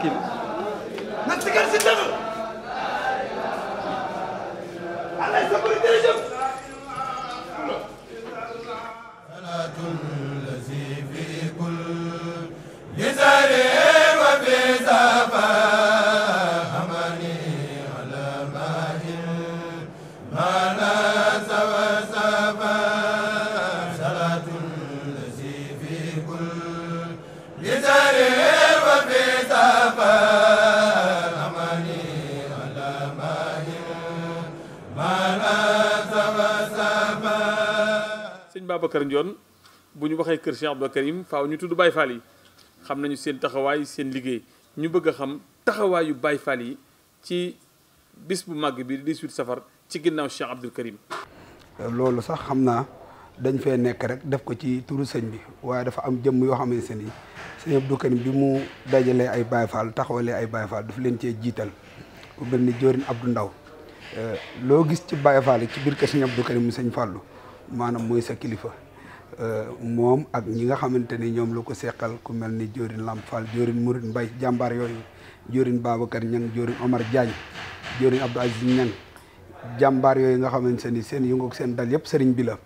kii na. na si kër si dëgg. allez sa bëri jërëjëf. sëñ Babacar Ndione bu ñu waxee kër Cheikh Abdou Karim faw ñu tudd Baye Fall yi xam nañu seen taxawaay seen liggéey ñu bëgg a xam taxawaayu Baye Fall yi ci bis bu màgg bi 18 safar ci ginnaaw Cheikh Abdou Karim. loolu sax xam naa dañ fee nekk rek def ko ci turu sëñ bi waaye dafa am jëmm yoo xamante ni sëñ Abdou Karim bi mu dajalee ay Baye Fall taxawalee ay Baye Fall daf leen cee jiital ku mel ni Diorin Ndaw Euh, loo gis ci Baye Fall ci biir kër Serigne Abdou Karim Serigne Fallou maanaam mooy sa kilifa euh, moom ak ñi nga xamante ni ñoom la ko seqal ku mel ni Diorin Lamp Fall Diorin Mouride Mbaye jàmbaar yooyu Diorin Babacar Niang Diorin Omar Diagne Diorin Abdou Aziz Niang jàmbaar yooyu nga xamante ni seen yëngu seen dal yëpp sëriñ bi la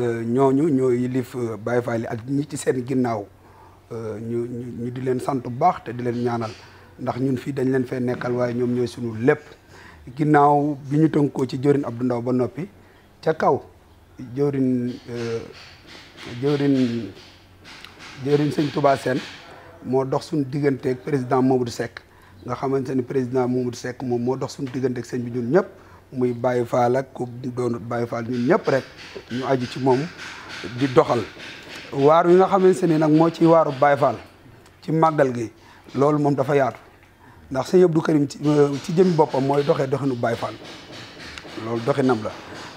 euh, ñooñu ñoo yilif Baye Fall ak ñi ci seen ginnaaw ñu ñu di leen sant bu baax te di leen ñaanal ndax ñun fii dañ leen fee nekkal waaye ñoom ñooy sunu lépp ginnaaw bi ñu tënkoo ci jëwrin Abdou Ndaw ba noppi ca kaw jëwrin euh, jëwrin jëwrin sëñ tubaa Sène moo dox suñu diggante ak président Mamadou sekk nga xamante ni président Mamadou Seck moom moo dox suñu digganteek ak sëñ bi ñun ñëpp muy bàyyi faal ak ku doon bàyyi Fall ñun ñëpp rek ñu aju ci moom di doxal waar wi nga xamante ni nag moo ci waaru Baye Fall ci màggal gi loolu moom dafa yaatu ndax sëñ Abdou Karim ci euh, jëmi boppam mooy doxee doxinu Baye Fall loolu doxinam la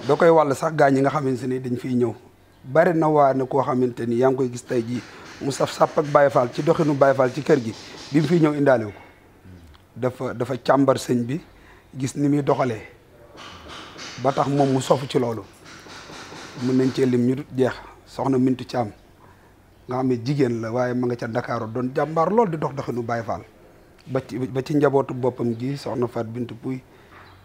da koy wàll sax gaa ñi nga xamante ni dañ fiy ñëw bari na waa ne koo xamante ni yaa ngi koy gis tey jii mu saf sàpp ak Baye Fall ci doxinu Baye Fall ci kër gi bi mu fiy ñëw indaale ko dafa dafa càmbar sëñ bi gis ni muy doxalee ba tax moom mu sofu ci loolu mën nañ cee lim ñu dut jeex soxna Mintu Caam nga xam ne jigéen la waaye ma nga ca Ndakaaru doon jàmbar lool di dox doxinu Baye Fall ba ci ba ci njabootu boppam ji soxna Fat Bintu Puy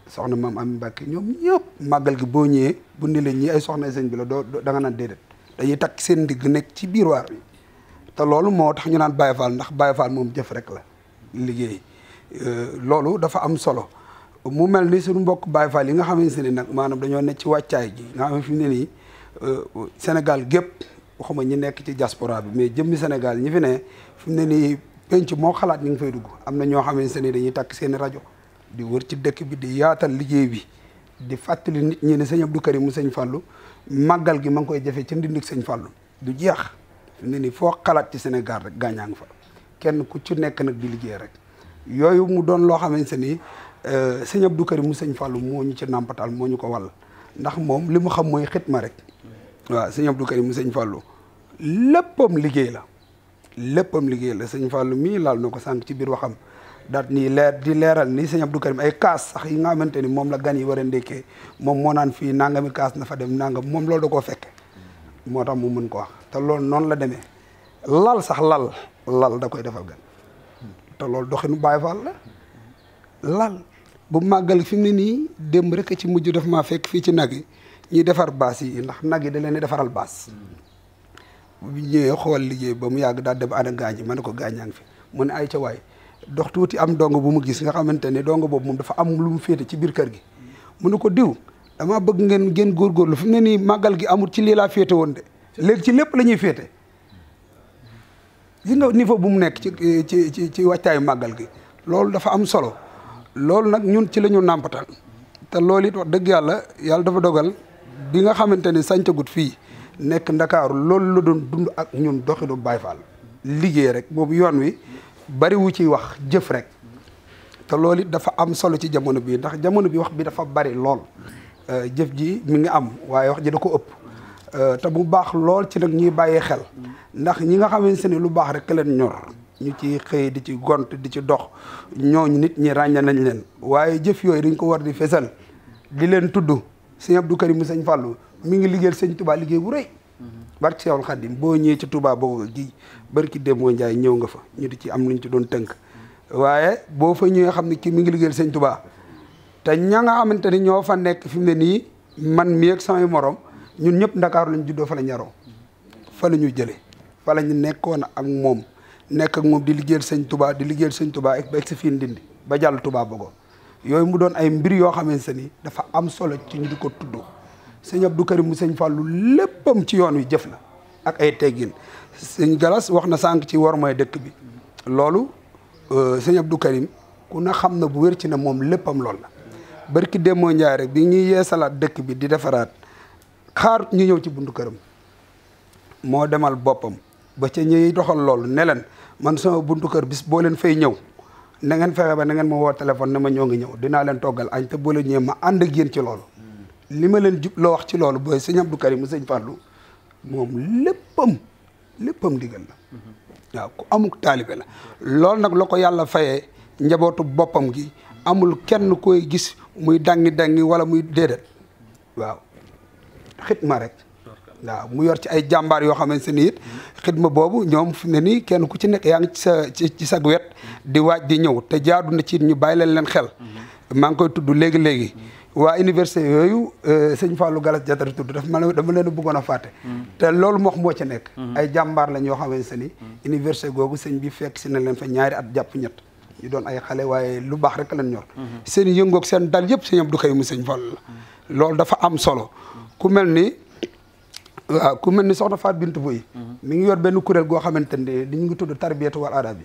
soxna maam Ami Mbàkke ñoom ñëpp màggal gi boo ñëwee bu ni la ñii ay soxna sëñ bi la doo da nga naan déedéet dañuy takk seen ndigg nekk ci biir waar bi te loolu moo tax ñu naan Baye Fall ndax Baye Fall moom jëf rek la liggéey euh, loolu dafa am solo mu mel ni suñu mbokk baay Fall yi nga xamante ni nag maanaam dañoo nekk ci wàccaay ji nga xam ne fi mu ne nii euh, Sénégal gépp waxuma ñi nekk ci diaspora bi mais jëmmi Sénégal ñi ne fi mu ne nii penc moo xalaat ñu ngi fay dugg am na ñoo xamante ne dañuy takk seeni rajo di wër ci dëkk bi di yaatal liggéey bi di fàttali nit ñi ne sëñ Abdou Karim mu sëñ Fallou màggal gi ma ngi koy jafe ca ndindik sëñ Fallou du jeex ne ni foo xalaat ci Sénégal rek gaañaa fa kenn ku ci nekk nag di liggéey rek yooyu mu doon loo xamante ni euh, sëñ Abdou Karim mu sëñ Fallou moo ñu ci nàmpataal moo ñu ko wàll ndax moom li mu xam mooy ma rek mm. waaw du kër yi mu sëñ Fallou léppam liggéey la léppam liggéey la sëñ Fallou mii laal na ko sànq ci biir waxam daat nii leer di leeral nii sëñ Abdou Karim ay kaas sax yi nga xamante ni moom la gan yi war a moom moo naan fii nangami kaas na fa dem nangam moom loolu da koo fekke moo tax mu mën ko wax te lool noonu la demee lal sax lal lal da koy defal gan te loolu doxinu Baay Faal la lal bu màggal fi mu ne nii démb rek ci mujj daf maa fekk fii ci nag yi ñuy defar baas yi ndax nag yi da leen di defaral baas bu ñëwee xool liggéey ba mu yàgg daal dem ana gaañ ma ne ko gaañaa ngi fi mu ne ay ca waay dox tuuti am dong bu mu gis nga xamante ne dong boobu moom dafa am lu mu féete ci biir kër gi mu ne ko diw dama bëgg ngeen ngeen góorgóorlu fi mu ne nii màggal gi amul ci lii laa féete woon de léegi ci lépp la ñuy féete gis nga bu mu nekk ci ci ci ci wàccaayu màggal gi loolu dafa am solo loolu nag ñun ci lañu ñu te loolu it wax dëgg yàlla yàlla dafa dogal bi nga xamante ne sàncagut fii nekk ndakaaru loolu la doon dund ak ñun doxinu Baye Fall liggéey rek boobu yoon wi bariwu ci wax jëf rek te loolu it dafa am solo ci jamono bi ndax jamono bi wax bi dafa bari lool euh, jëf ji mi ngi am waaye wax ji da ko ëpp euh, te bu baax lool ci nag ñuy bàyyi xel ndax ñi nga xamante ni lu baax rek leen ñor ñu ci xëy di ci gont di ci dox ñooñu nit ñi ràññe nañ leen waaye jëf yooyu dañ ko war di fesal di leen tudd sëñ Abdou mu Sëñ fàllu mi ngi liggéeyal sëñ Touba liggéey bu rëy. barke Seexul Xaddim boo ñëwee ci Touba boobu gi barki Demba Ndiaye ñëw nga fa ñu di ci am luñ ci doon tënk. waaye boo fa ñëwee xam ne kii mi ngi liggéeyal sëñ tubaa te ña nga xamante ni ñoo fa nekk fi mu ne nii man mii ak samay morom ñun ñëpp ndakaaru lañ juddoo fa la ñaroo fa la ñuy jëlee fa la ñu nekkoon ak moom nekk ak moom di liggéeyal sëñ Touba di liggéeyal sañ tubaa ek ba si fii Ndindi ba jàll Touba Bogo yooyu mu doon ay mbir yoo xamante ni dafa am solo ci di ko tudd. sëñab du Karim mu sëñ Fallou léppam ci yoon wi jëf la ak ay teggiin sëñ Galas wax na sànq ci war mooy dëkk bi loolu euh, sëñ du Karim ku na xam na bu wér ci ne moom léppam loolu la bërki demoo njaay rek bi ñuy yeesalaat dëkk bi di defaraat xaar ñu ñëw ci buntu këram moo demal boppam ba ca ñuy doxal loolu ne leen man sama buntu kër bis boo leen fay ñëw na ngeen fexe ba na ngeen ma woo téléphone ne ma ñoo ngi ñëw dinaa leen toggal añ te boo leen ñëwee ma ànd ak yéen ci loolu li ma leen jub loo wax ci loolu booy sëñ Abdou Karim sëñ Fallou moom léppam léppam digal la waaw ku amuk taalibe la loolu nag loo ko yàlla fayee njabootu boppam gi amul kenn koy gis muy dangi dangi wala muy déedéet waaw ma rek waaw mu yor ci ay jàmbaar yoo xamante ni it ma boobu ñoom fi ne nii kenn ku ci nekk yaa ngi ci sa ci sag wet di waaj di ñëw te jaadu na ci ñu bàyyi leen leen xel maa ngi koy tudd léegi léegi waa université yooyu euh, sëñ faalu Galas Diattara tudd daf ma dama leen a bëggoon a fàtte. Mm. te loolu moox moo ci nekk. Mm. ay jàmbaar lañ yoo xamante ni. Mm. université googu sëñ bi fekk si na leen fa ñaari at jàpp ñett ñu doon ay xale waaye lu baax rek leen ñor. Mm-hmm. seen yëngook seen dal yëpp sëñ du Karim mu sëñ Fallou la. loolu dafa am solo. ku mel ni waaw ku mel ni soxna Fatou Bintou Boye. mu mm-hmm. ngi yor benn kuréel goo xamante ne dañu ngi tudd tarbiyatu wal aada bi.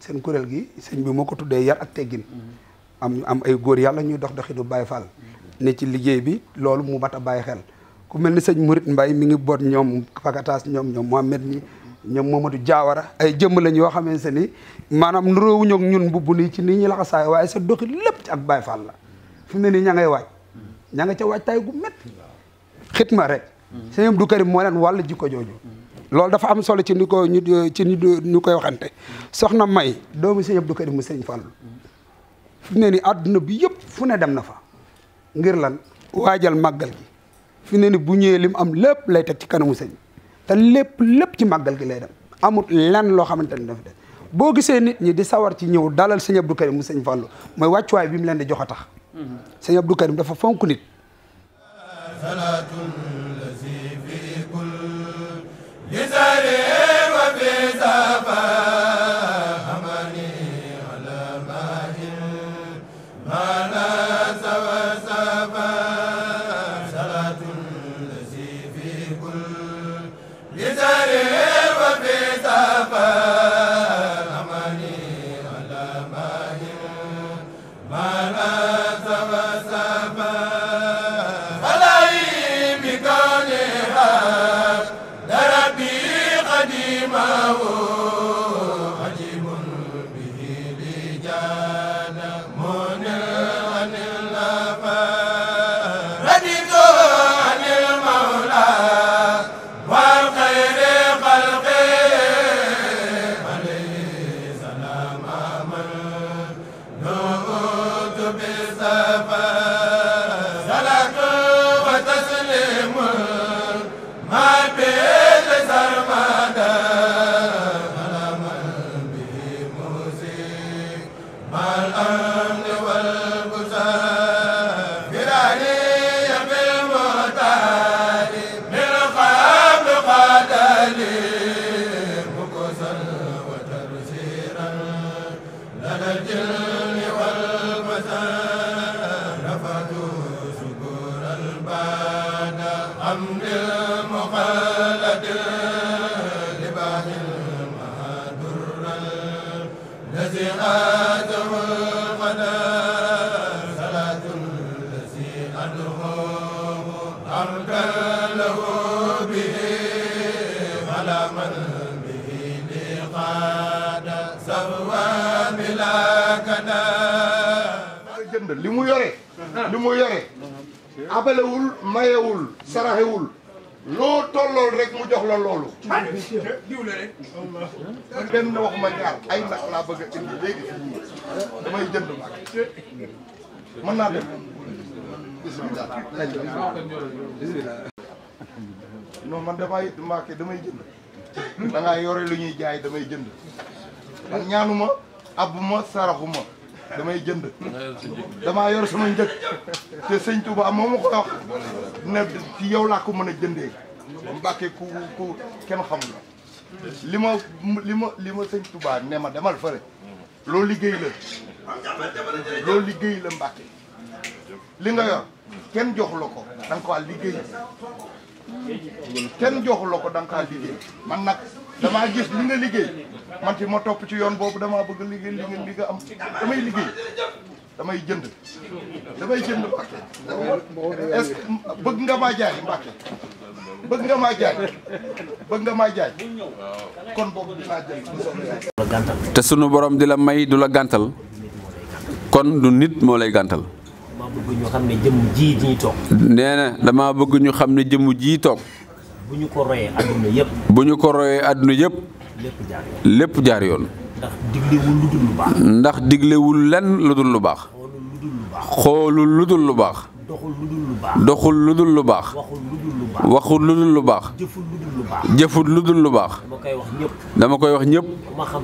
seen kuréel gi sëñ bi moo tuddee yar ak teggin. Mm-hmm. am am ay góor yàlla ñuy dox du Baye Fall ne ci liggéey bi loolu mu mat a bàyyi xel ku mel ni sëñ Mouride mbay mi ngi boot ñoom Fakataas ñoom ñoom Mohamed ñi ñoom Mamadou Diawara ay jëmm lañ yoo xamante ni maanaam nuróowuñu ak ñun bu bu nii ci nii ñu la xasaay waaye sa doxi lépp ci ak Baye Fall la fi mu ne nii ña ngay waaj ña nga ca waaj tay gu xit ma rek sëñ du Karim moo leen wàll jikko jooju loolu dafa am solo ci ni ko ñu ci ñu koy waxante soxna May doomu sëñ Abdou mu sëñ fi ne ni àdduna bi yëpp fu ne dem na fa ngir lan waajal màggal gi fi ne ni bu ñëwee mu am lépp lay teg ci kanamu sëñ te lépp lépp ci màggal gi lay dem amut lenn loo xamante ni dafa def boo gisee nit ñi di sawar ci ñëw dalal sëñ Abdou Karim mu sëñ Fallou mooy wàccuwaay bi mu leen di jox a tax mm-hmm. sëñ Abdou Karim dafa fonk nit li sare wa fi safa maa jënd li mu yore li mu yore abalewul mayewul saraxewul loo tollool rek mu jox la loolu diwle rek benn waxuma ñaar ay nag laa bëgg indi léegi damay jënd nag mën naa dem bismillah bismillah non man damay maake damay jënd da yore lu ñuy jaay damay jënd man ñaanuma abuma saraxuma damay jënd damaa yor sama njëg te sëñ Touba moo ko wax ne ci yow laa ko mën a jëndee Mbàkke ku ku kenn xam li ma li ma li ma sëñ Touba ne ma demal fële loo liggéey la loo liggéey la Mbàkke li nga yor kenn joxu la ko da ko liggéey kenn ko da nga ko liggéey man nag damaa gis li nga liggéey man ma topp ci yoon boobu damaa bëgg liggéey li ngeen damay jënd damay jënd nga maa jaay nga maa jaay te sunu borom di la may du la gàntal kon du nit moo lay gàntal damaa dama bëgg ñu xam ne jëmm ji toog bu ñu ko royee àdduna yëpp bu ñu ko royee yëpp lépp jaar yoon. ndax diglewul lu dul lu baax. ndax lu dul lu baax. xoolul lu dul lu baax. doxul lu dul lu baax. doxul lu dul lu baax. waxul lu dul lu baax. jëful lu dul lu baax. dama koy wax ñëpp.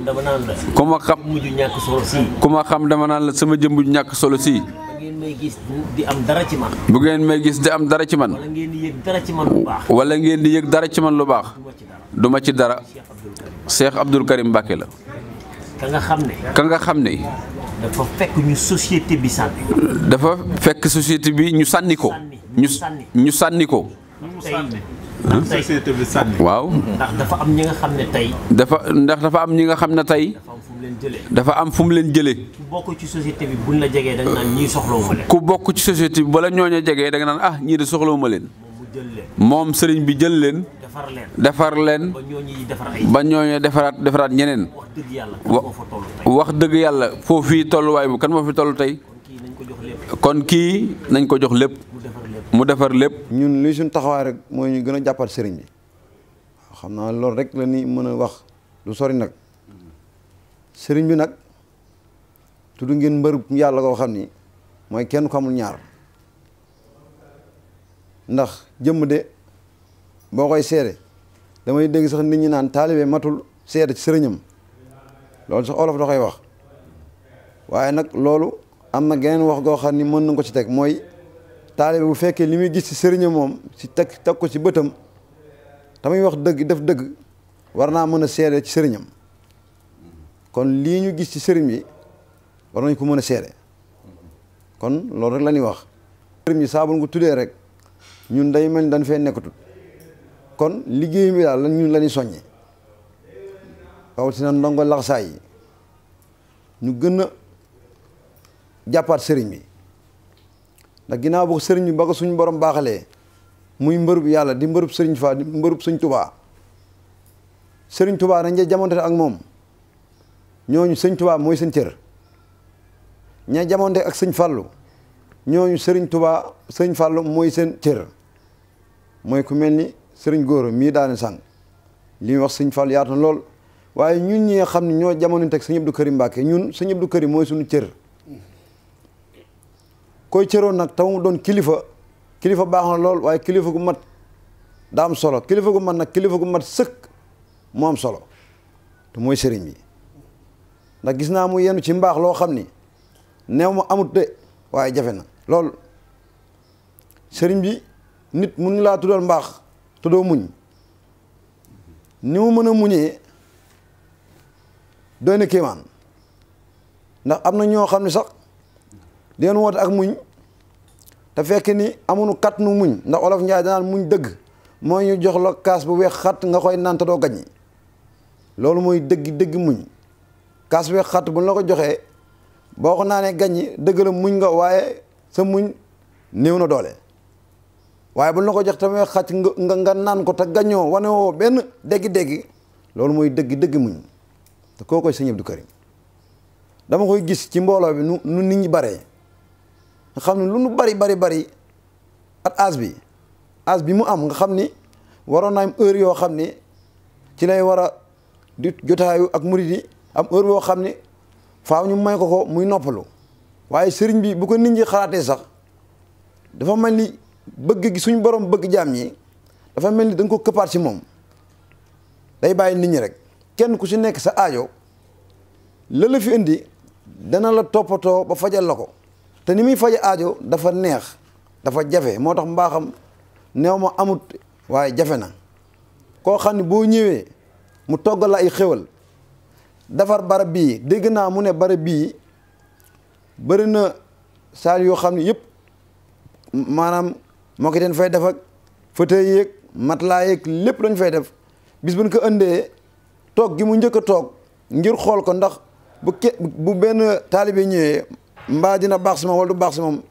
dama koy wax ñëpp. ku ma xam dama naan la. xam ñàkk solo si. ku ma xam dama naan la sama jëmm ju ñàkk solo si. bu ngeen may gis di am dara ci man. bu ngeen may gis di am dara ci man. wala ngeen di yëg ngeen di yëg dara ci man lu baax. duma ci dara Cheikh Abdoul Karim Mbacké la. ka nga xam ne. ka nga xam ne. dafa fekk ñu bi dafa fekk société bi ñu sànni ko. ñu sànni ñu sànni ko. société bi sànni. waaw. ndax dafa am ñi nga xam ne tey. dafa ndax dafa am ñi nga xam ne tey. dafa am fu mu leen jëlee. ku bokk ci société bi buñ la jegee da nga naan ñii ku bokk ci société bi bala ñooñu jegee da nga naan ah ñii de soxlawuma leen. moom sëriñ bi jël leen. defar leen defar leen ba ñooñu defaraat ba ñooñu defaraat defaraat ñeneen. wax dëgg yàlla wax dëgg yàlla foofu fii tolluwaay bu kan moo fi toll tey. kon kii nañ ko jox lépp. mu defar lépp. ñun li suñ taxawaay rek mooy ñu gën a jàppal sëriñ bi xam naa loolu rek la ni mën a wax lu sori nag sëriñ bi nag tudd ngeen mbër yàlla koo xam ni mooy kenn ko amul ñaar ndax jëmm de boo koy seere damay dégg sax nit ñi naan taalibe matul seere ci sëriñam loolu sax olof da koy wax waaye nag loolu am na geneen wax goo xam ni mën nañ ko ci teg mooy taalibe bu fekkee li muy gis ci sëriñam moom si teg teg ko ci bëtam tamay wax dëgg def dëgg war naa mën a seere ci sëriñam kon lii ñu gis ci sëriñ bi war nañ ko mën a seere kon loolu rek la ñuy wax sëriñ bi saa bu tuddee rek ñun day mel ni dañ fee nekkatul kon liggéey bi daal ñun la ñuy soññe rawatina ndongo laxsaay yi ñu gën a jàppaat sëriñ bi ndax ginnaaw boo sëriñ bi ba ko suñu borom baaxalee muy mbërub yàlla di mbërub sëriñ fa di mbërub suñ tubaa sëriñ tubaa dañ cee jamonte ak moom ñooñu sëñ tubaa mooy seen cër ña jamonte ak sëñ fàllu ñooñu sëriñ tubaa sëñ fàllu mooy seen cër mooy ku mel ni sëriñ góor mii daane sàng lii wax sëñ Fall yaatu na lool waaye ñun ñi nga xam ne ñoo jamono teg sëñ Abdou Karim Mbacke ñun sëñ Abdou Karim mooy sunu cër koy cëroon nag taw mu doon kilifa kilifa baax na lool waaye kilifa gu mat daa am solo kilifa gu mat nag kilifa gu mat sëkk moo am solo te mooy sëriñ bi ndax gis naa mu yenu ci mbaax loo xam ni neew mu amut de waaye jafe na lool sëriñ bi nit mun laa tuddal mbaax te doo muñ ni mu mën a muñee doy na kéemaan ndax am na ñoo xam ne sax di ngeen woote ak muñ te fekk ni amunu kat nu muñ ndax olof Njaay danaan muñ dëgg mooy ñu jox la kaas bu weex xat nga koy naan te doo gaññi loolu mooy dëgg dëgg muñ kaas bu weex xat bu ñu la ko joxee boo ko naanee gaññi dëgg la muñ nga waaye sa muñ néew na doole waaye bu la ko jox tamit xaj nga nga naan ko te gañoo wane woo benn déggi-déggi loolu mooy dëgg dëgg muñ te koo koy sëñ Abdou Karim dama koy gis ci mbooloo bi nu nu nit ñi baree nga xam ne lu nu bari bari bari at as bi as bi mu am nga xam ni waroon na am heure yoo xam ni ci lay war a di jotaayu ak murid am heure boo xam ni faaw ñu may ko ko muy noppalu waaye sëriñ bi bu ko nit ñi xalaatee sax dafa mel ni bëgg gi suñu borom bëgg jaam yi dafa mel ni dañ ko këppaat ci moom day bàyyi nit ñi rek kenn ku ci nekk sa ajo la indi dana la toppatoo ba fajal la ko te ni muy faje ajo dafa neex dafa jafe moo tax mbaaxam neew ma amut waaye jafe na koo xam ne boo ñëwee mu toggal ay xéwal defar barab bii dégg naa mu ne barab bii bëri na saal yoo xam ne yëpp maanaam moo ki teen fay def ak fauteuil yeeg matelas yeeg lépp lañ fay def bis buñ ko indee toog gi mu njëkk a toog ngir xool ko ndax bu ke bu benn taalibe ñëwee mbaa dina baax si moom wala du baax si moom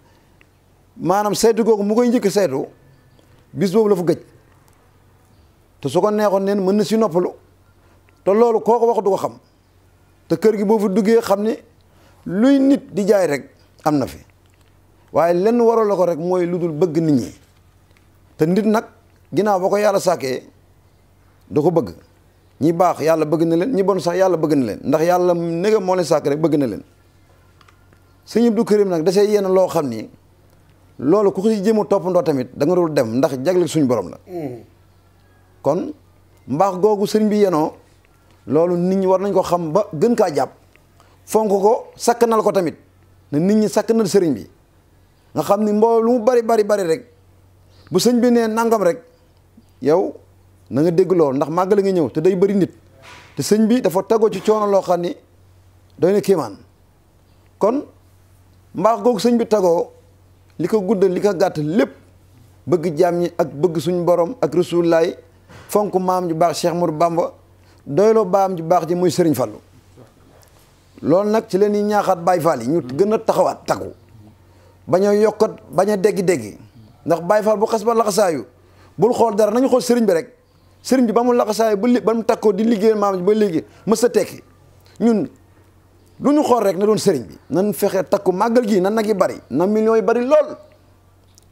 maanaam saytu kooku mu koy njëkk saytu bis boobu la fu gëj te su ko neexoon neen mën na si noppalu te loolu koo ko wax du ko xam te kër gi boo fa duggee xam ni luy nit di jaay rek am na fi waaye lenn waroo la ko rek mooy lu dul bëgg nit ñi te nit nag ginnaaw ba ko yàlla sàkkee da ko bëgg ñi baax yàlla bëgg na leen ñi bon sax yàlla bëgg na leen ndax yàlla nega moo leen rek bëgg na leen sëñ Abdou Karim nag dasee yenn loo xam ni loolu ku ko si jéem a tamit da nga dul dem ndax jagleel suñu borom la kon mbaax googu sëriñ bi yenoo loolu nit ñi war nañ ko xam ba gën kaa jàpp fonk ko sakk sakkanal ko tamit ne nit ñi sakk sakkanal sëriñ bi nga xam ni mbooloo lu mu bari bari bari rek bu sëñ bi nee nangam rek yow nanga nga dégg lool ndax màggal nga ñëw te day bari nit te sëñ bi dafa tagoo ci coono loo xam ni doy na kéemaan kon mbaax googu sëñ bi tagoo li ko gudd li ko gàtt lépp bëgg jaam ñi ak bëgg suñu borom ak rasulullaay fonk maam ju baax Cheikh Mour Bamba doyloo baam ju baax ji muy Sëriñ Fallu loolu nag ci leen ñi ñaaxaat Baay Faal yi ñu gën a taxawaat tagu bañ a yokkat bañ a déggi-déggi ndax Baay Faal bu xas ba laxasaayu bul xool dara nañu xool sëriñ bi rek sëriñ bi ba mu laxasaayu ba li ba mu takkoo di liggéeyal maam ji ba léegi mës tekki ñun lu ñu xool rek na doon sëriñ bi nan fexee takku màggal gi nan nag yi bari na millions yi bari lool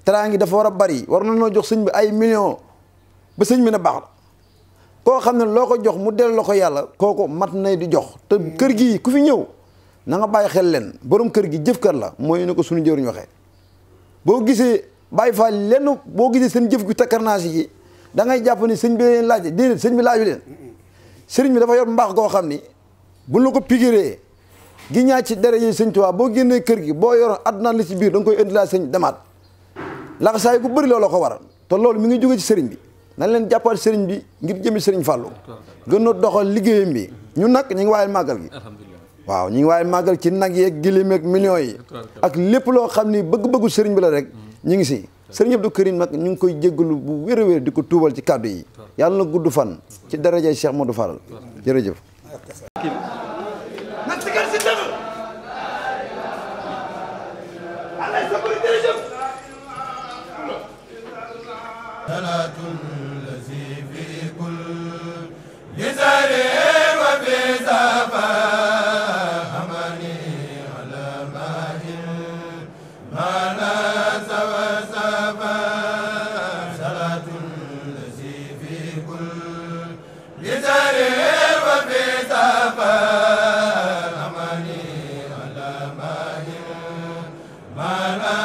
teraangi dafa war a bari war na noo jox sëñ bi ay millions ba sëñ bi na baax la koo xam ne loo ko jox mu delloo ko yàlla kooku mat na di jox te kër gi ku fi ñëw na nga bàyyi xel leen borom kër gi jëf jëfkat la mooy ne ko suñu njëriñ boo gisee bàyyi faa lenn boo gisee seen jëf gu takkarnaasi yi da ngay jàpp ni sëñ bi leen laaj déedéet sëñ bi laaju leen bi dafa yor mbaax goo xam ni buñ la ko pigiree gi ñaa ci dere yi boo génnee kër gi boo yoroon àdduna li ci biir da koy indi laa sëñ demaat laxasaay bari bëri loolu ko waral te loolu mi ngi jóge ci sëriñ bi nañ leen jàppal sëriñ bi ngir jëmi sëriñ Fallou gën a doxal liggéeyam bi ñu nag ñu ngi waayal màggal gi waaw ñu waaye màggal ci nag yeeg gilim ak millions yi ak lépp loo xam ni bëgg-bëggu sëriñ bi la rek ñu ngi si sëriñ Abdou Karim nag ñu ngi koy jéggalu bu wér a di ko tuubal ci kàddu yi yàlla na gudd fan ci darajay Cheikh Modou Fall jërëjëf nag jërëjëf